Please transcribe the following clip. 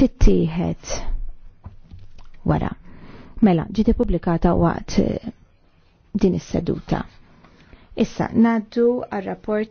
tittieħed wara. Mela, ġiet ippubblikata waqt eh, din is-seduta. Issa, naddu għal rapport